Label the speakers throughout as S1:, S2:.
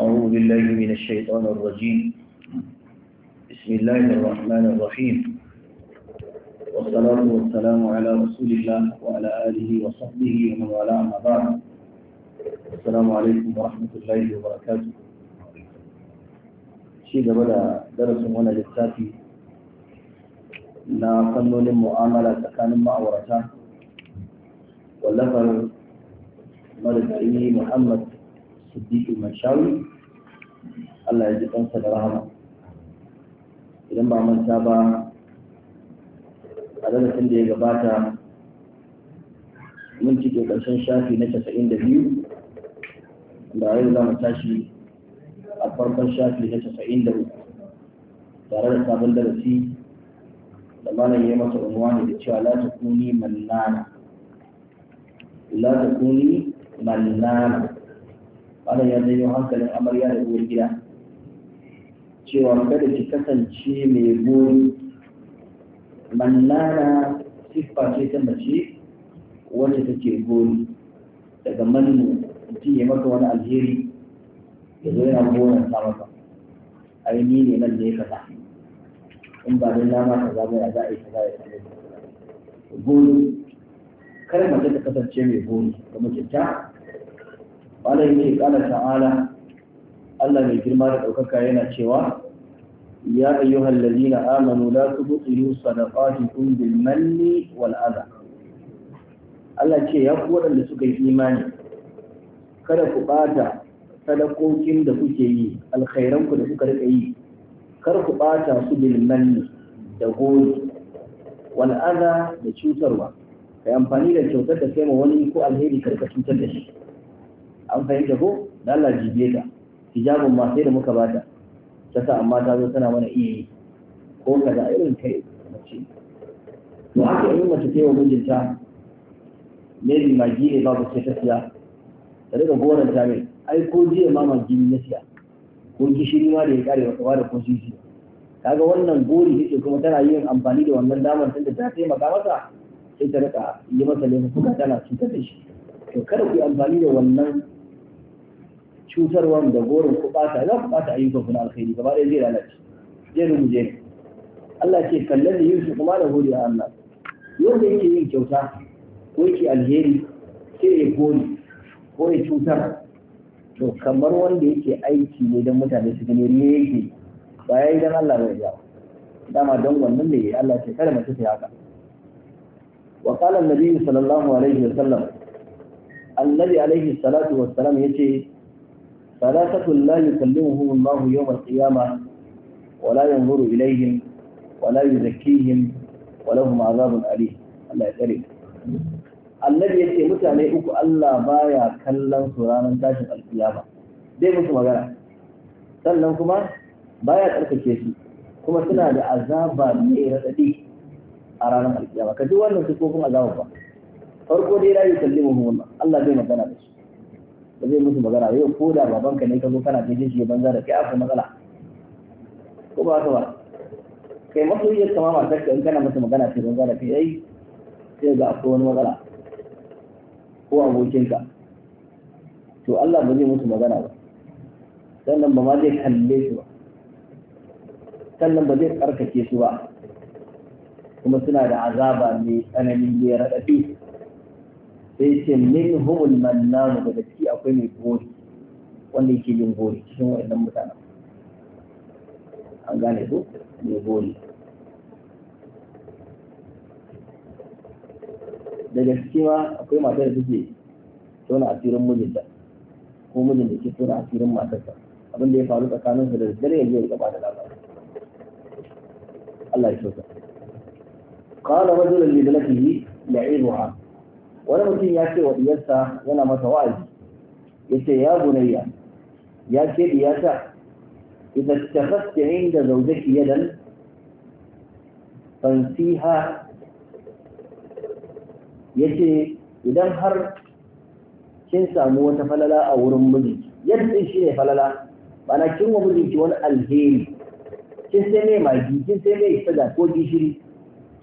S1: أعوذ بالله من الشيطان الرجيم بسم الله الرحمن الرحيم والصلاة والسلام على رسول الله وعلى آله وصحبه ومن والاه أما بعد السلام عليكم ورحمة الله وبركاته شيء بدأ درس وانا للتاتي na fannonin كان مع ma'aurata wallafar marigayi محمد siddiqu mashawi Allah ya ji ɗansa da rahama idan ba manta ba a darasin da ya gabata mun cike ƙarshen shafi na casa'in da biyu da yau za mu tashi a farkon shafi na casa'in da uku tare da sabon darasi da malam ya masa unwani da cewa la takuni mannana la takuni mannana wannan ya janyo hankalin amarya da uwar gida cewa kada ki kasance mai goyi mannana siffa ce ta mace wacce take goyi daga manu mutum ya maka wani alheri ya zo yana goron sa maka Aini ne nan da ya kasa in ba dan nama ka za a za a yi kaza ya kaza gori kar mace ta kasance mai goyi ga mijinta wala yake kala ta'ala Allah mai girma da ɗaukaka yana cewa ya ayyuhal ladina amanu la tubtilu sadaqatikum bil manni wal adha Allah ce ya ku waɗanda suka yi imani kada ku ɓata sadakokin da kuke yi alkhairanku da kuka rika yi kar ku ɓata su bil manni da gori wal adha da cutarwa kai amfani da kyautar da kai wani ko alheri karka cutar da shi an fahimta ko da Allah jibe ta hijabin ma sai da muka bata ta sa amma ta zo tana mana iya yi ko kaza irin kai mace to haka in mace ta wa mijinta maybe magi ne babu sai ta siya ta daga goron ta mai ai ko jiya ma magi ne siya ko gishiri ma da ya kare wa kawa da ko shi, kaga wannan gori take kuma tana yin amfani da wannan damar tun da ta taimaka masa sai ta rika yi masa laifuka tana cutar da shi to kada ku yi amfani da wannan cutarwan da gorin ku bata za ku bata ayyukan ku na alkhairi gaba ɗaya zai lalace zai rubuce je Allah ce kallon da yin kuma da gori a Allah yadda yake yin kyauta ko yake alheri sai ya gori ko ya cutar to kamar wanda yake aiki ne don mutane su gani riye yake ba ya yi don Allah bai ya dama don wannan ne Allah ce kada mace ta haka wa qala an-nabi sallallahu alaihi wa sallam annabi alaihi salatu wa salam yace ثلاثة لا يكلمهم الله يوم القيامة ولا ينظر إليهم ولا يزكيهم ولهم عذاب أليم الله يكرم annabi ya ce mutane uku Allah baya kallon ranar tashin alkiyama dai musu magana sannan kuma baya tsarkake su kuma suna da azaba mai raɗaɗi a ranar alkiyama ka ji wannan su ko kuma azaba farko dai Allah bai magana da su ba zai musu magana yau ko da babanka ne ka zo kana daidai shi banza da kai akwai matsala ko ba ka ba kai masoyiyar kama matar ka in kana masa magana sai banza da kai sai ga akwai wani matsala ko abokinka to Allah ba zai musu magana ba sannan ba ma zai kalle su ba sannan ba zai tsarkake su ba kuma suna da azaba mai tsanani mai raɗaɗi sai ce min humul mannanu daga ciki akwai mai gori wanda yake yin gori cikin wa'annan mutanen an gane su mai gori daga ciki ma akwai matar da take tona asirin mijinta ko mijin da ke tona asirin matarsa abin da ya faru tsakanin su da dare yanzu ya gaba da labarin Allah ya shoka qala rajulun li ibnatihi ya'ibuha wani mutum ya ce wa diyarsa yana mata wa'azi ya ce ya gunayya ya ce diyata idan tafasta inda zaujaki yadan fansiha ya ce idan har kin samu wata falala a wurin miji, yadda shi ne falala ba na kin wa mijinki wani alheri kin sai mai magi kin sai mai sada ko gishiri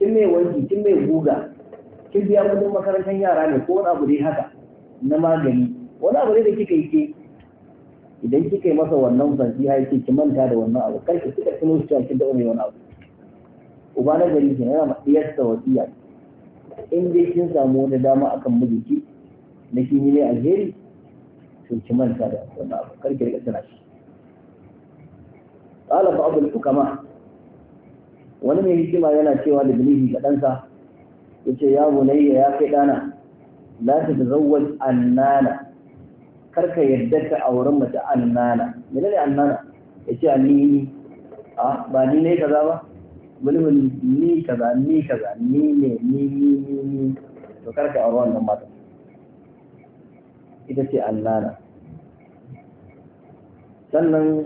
S1: kin mai wanki kin mai guga kin biya kudin makarantar yara ne ko wani abu dai haka na magani wani abu dai da kika yi ke idan kika yi masa wannan fansiya ya yake ki manta da wannan abu kar ki kika tuno shi kin dawo mai wani abu uba na gari ne yana iyasta wasiya in dai kin samu wani dama akan mijinki na yi ne alheri to ki manta da wannan abu kar ki rika tana shi qala ba'd al-hukama wani mai hikima yana cewa da bilihi ga yace ya bunayya ya kai dana la tazawwaj annana karka yadda ka auren mace annana menene annana yace annini a ba ni ne kaza ba mulmin ni kaza ni kaza ni ne ni ni ni ni to karka auren wannan mata ita ce annana sannan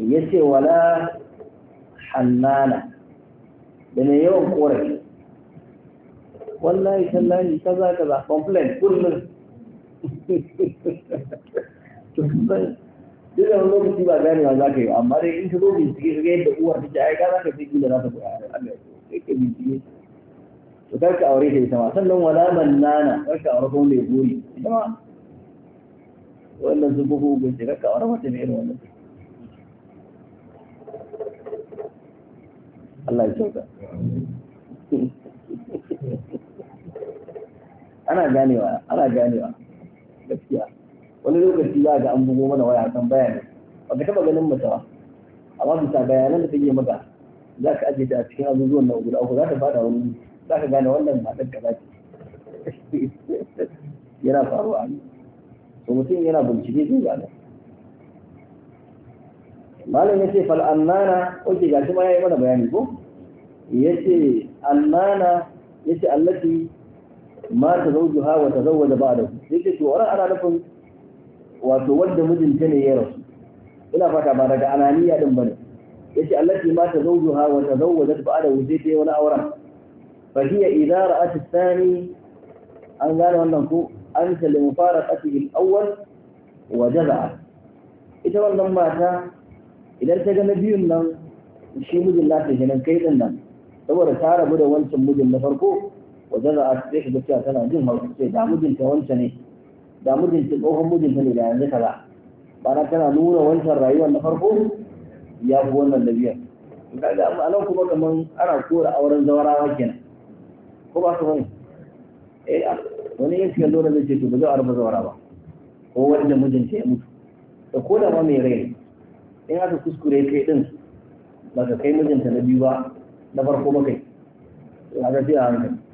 S1: ya ce wala hannana da mai yawan korafi wallahi tallahi kaza kaza complain kullum to kusan duk wani lokaci ba ganewa za ka yi amma dai in ka zo bincike ka ga yadda uwar ta ya ga za ka fi da za ta buya Allah ya ka bincike to kar ka aure ta ita ma sannan wala mannana kar ka aure kuma mai buri ita ma wannan su bugu gunce kar ka aure mata mai irin wannan Allah ya kyauta. ana ganewa ana ganewa gaskiya wani lokaci za ga an bugo mana waya kan bayani ba ka taba ganin A ba amma bisa bayanan da take maka za ka ajiye ta a cikin abubuwan na guda uku za ta bada wani za ka gane wannan ɗan kaza ce yana faruwa ne to mutum yana bincike zai gane malam ya ce fal annana oke ga shi ma ya yi mana bayani ko ya ce annana ya ce allati ma ta zaujuha wa ta zauwa da ba da yake to wannan ana nufin wato wanda mijinta ne ya rasu ina fata ba daga ananiya din ba bane yace ce ma ta zaujuha wa ta zauwa da ba da sai ta wani auren fa hiya idza ra'at athani an gane wannan ko an ta limufaraqatihi al-awwal wa jaza'a ita wannan mata idan ta ga na biyun nan shi mijin nata kenan kai din nan saboda ta rabu da wancan mijin na farko wajen ra'a sai shi da cewa tana jin hausa ce da mijinta wancan ne da mijinta tsohon mijinta ne da yanzu kaza bana tana nuna wancan rayuwar na farko ya fi wannan da biyar da a nan kuma kamar ana kora auren zawarawa kenan ko ba su wani eh wani ya fiye lura da ce to ba zai arba zawara ba ko wanda mijinta ya mutu da ko da ma mai rai in aka kuskure kai din ba ka kai mijinta na biyu ba na farko ba kai ya ga sai a hankali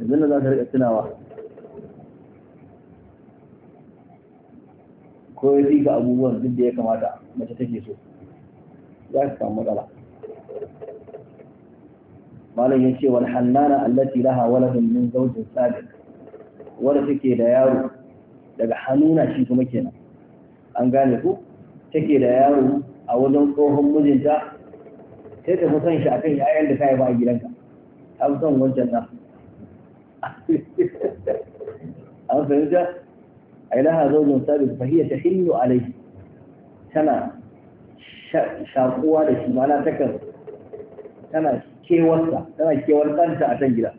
S1: yanzu da za ka riƙa tunawa ko ya ga abubuwan duk da ya kamata mace take so za ka samu matsala malam ya ce wal hannana allati laha waladun min zawjin sabiq wanda take da yaro daga hannuna shi kuma kenan an gane ku take da yaro a wajen tsohon mijinta sai ta fi son shi akan 'ya'yan da ta haifa a gidanka ta fi son wancan nan an fahimta ai laha zaujin sabis fahiyya ta alai tana shakuwa da shi mana takan kewar ɗanta a can gida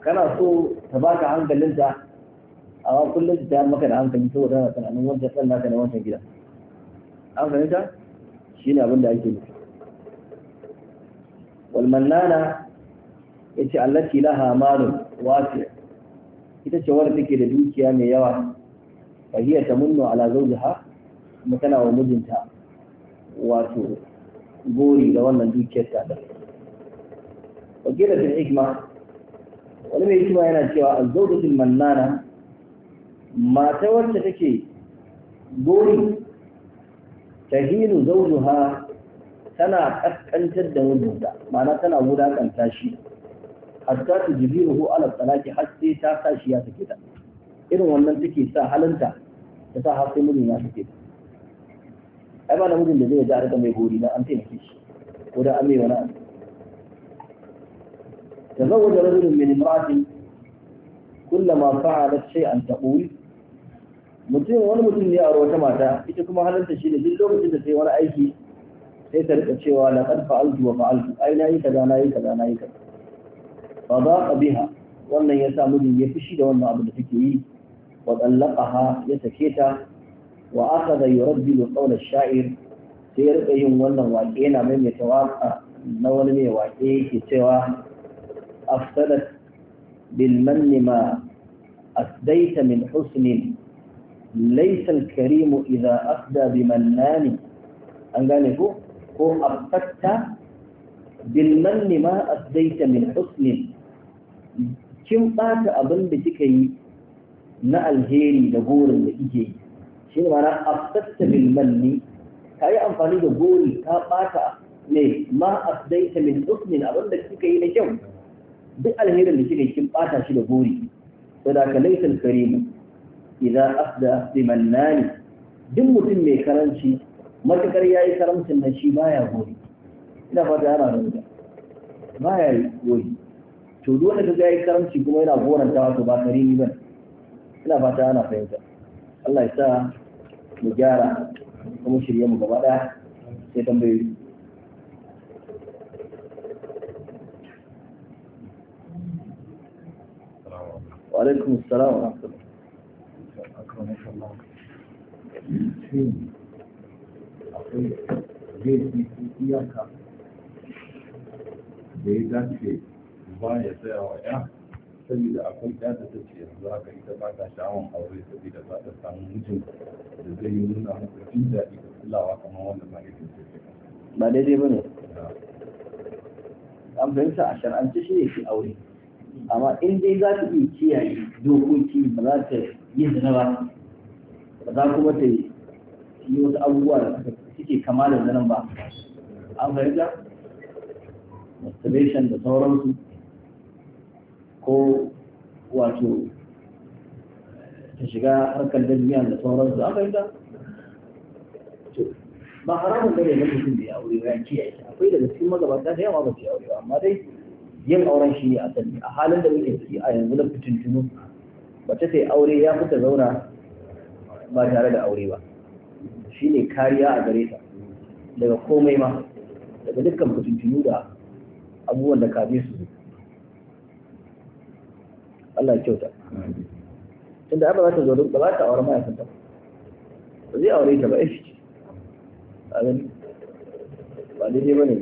S1: kana so ta baka hankalinta a wa kullum maka da hankali saboda tana tsananin wancan ɗan naka na wancan gida an fahimta shi ne abin da ake nufi walmannana ya ce allati laha manun wasu ita ce wadda take da dukiya mai yawa fa hiya tamunnu ala ha kuma tana wa mijinta wato gori da wannan dukiyar ta da wakila fil hikima wani mai hikima yana cewa a azzawjatul mannana mata wacce take gori ta hinu tahinu ha tana kaskantar da mijinta ma'ana tana wulakanta shi hatta ta jibiruhu ala talaki har sai ta sa shi ya sake ta irin wannan take sa halanta ta sa har sai mijin ya sake ta ai ba namijin da zai ga arka mai gori na an taimake shi ko da an mai wani abu zan wajen تزوج رجل من امرأة كلما sai an تقول mutum wani mutum ne a wata mata ita kuma halarta shi ne duk lokacin da sai wani aiki sai ta rika cewa laqad fa'altu wa fa'altu ai na yi kaza nayi kaza nayi kaza fa ba biha wannan ya sa mijin ya fushi da wannan abu da take yi wa tsallaqaha ya sake ta wa akhadha yurabbilu qawla ash-sha'ir sai ya rika yin wannan waƙe yana maimaita waƙa na wani mai waƙe yake cewa afsadat bil manni ma asdaita min husnin laysa al-karimu idha afda bi mannani an gane ko ko afatta bil manni ma asdaita min husnin kin ɓata abin da kika yi na alheri da gorin da kike yi shi ne mana afsatta bil manni ka yi amfani da gori ka ɓata ne ma afdaita min usmin abin da kika yi na kyau duk alherin da kika yi kin ɓata shi da gori da ka laisa karimu idan afda bi mannani duk mutum mai karanci matukar ya yi karamcin nan shi baya gori ina fata yana nuna baya gori to duk wanda kaga yayi karanci kuma yana goranta to ba karimi bane ina fata ana fahimta Allah ya sa mu gyara kuma shirye mu gaba daya sai tambayoyi wa alaikum assalam wa rahmatullah akwai zai iyaka da ya dace Bayan ya tsaya wa ya saboda akwai ya da take yanzu haka ita ba ta sha'awan aure saboda ba ta samu mijin da zai yi nuna masa jin daɗi da kulawa kamar wanda ma yake ba daidai ba ne an fahimta a shar'ance shi ne shi aure amma in dai za ta iya kiyaye dokoki ba za ta yi zina ba ba za kuma ta yi wasu abubuwa da suke kama da zanen ba an fahimta masturbation da sauransu ko wato ta shiga harkar dajiyar da sauransu aka yi da ba haramun ne na mutum da ya aure ya yanki ya ita akwai daga cikin magabata da yawa ba su aure amma dai yin auren shi ne a sani a halin da muke ciki a yanzu da fitintunu ta sai aure ya fita zauna ba tare da aure ba shi ne kariya a gare ta daga komai ma daga dukkan fitintunu da abubuwan da kabe su Allah ya kyauta tunda ai ba za ta zo ba za ta aure san ta ba zai aure ta ba ai shi a gani ba ne bane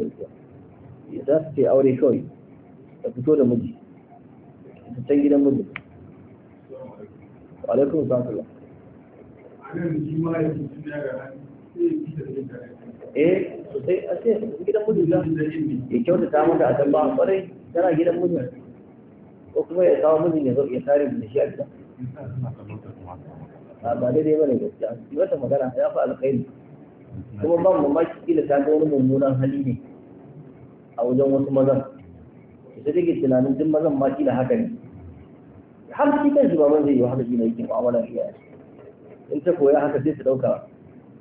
S1: gaskiya za su ce aure kawai ta fito da miji ta can gidan miji wa alaikum salam eh sosai a ce gidan ta. ya ta mata a can ba kwarai tana gidan miji kuma ya kawo mijin ya zo ya tare da shi a gida a ba daidai bane gaskiya yi wata magana ya fi alkhairi kuma ban mamaki kila ta ga wani mummunan hali ne a wajen wasu mazan ita take tunanin duk mazan ma kila haka ne har shi kan shugaban zai yi haka shi ne yake mu'amalar iyaye in ta koya haka sai su ɗauka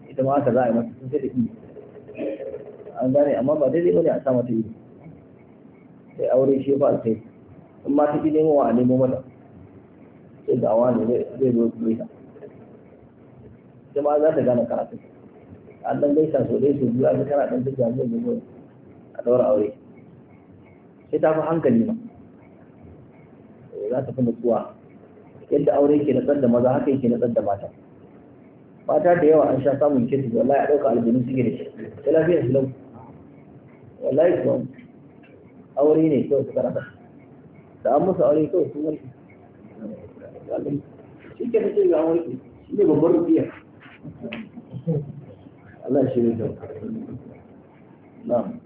S1: ita ma haka za a yi masa sun sai da iya an gane amma ba daidai bane a sa mata ido sai aure shi ba alkhairi in ma ta gidan wa a nemo mata sai da wani zai zo su ta sai ma za ta gane karatu an dan gaisa so dai su biyu an kana dan tafiya zai zo a daura aure sai ta fi hankali ma eh, za ta fi nutsuwa yadda aure ke tsar da maza haka yake tsar da mata mata da yawa an sha samun kitu wallahi a ɗauka aljanu suke da shi Sai lafiyar su lau wallahi kuwa aure ne kawai su karata da an masa aure kawai sun warke shi ke da cewa an warke shi ne babban rubiya Allah shi ne kyau na'am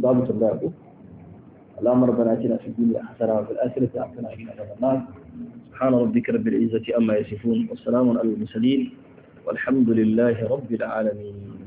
S1: babu tambaya ko al'amar bana kina fi duniya hasara wa al'asirin ta akana kina da banna سبحان ربك رب العزة عما يصفون والسلام على المرسلين والحمد لله رب العالمين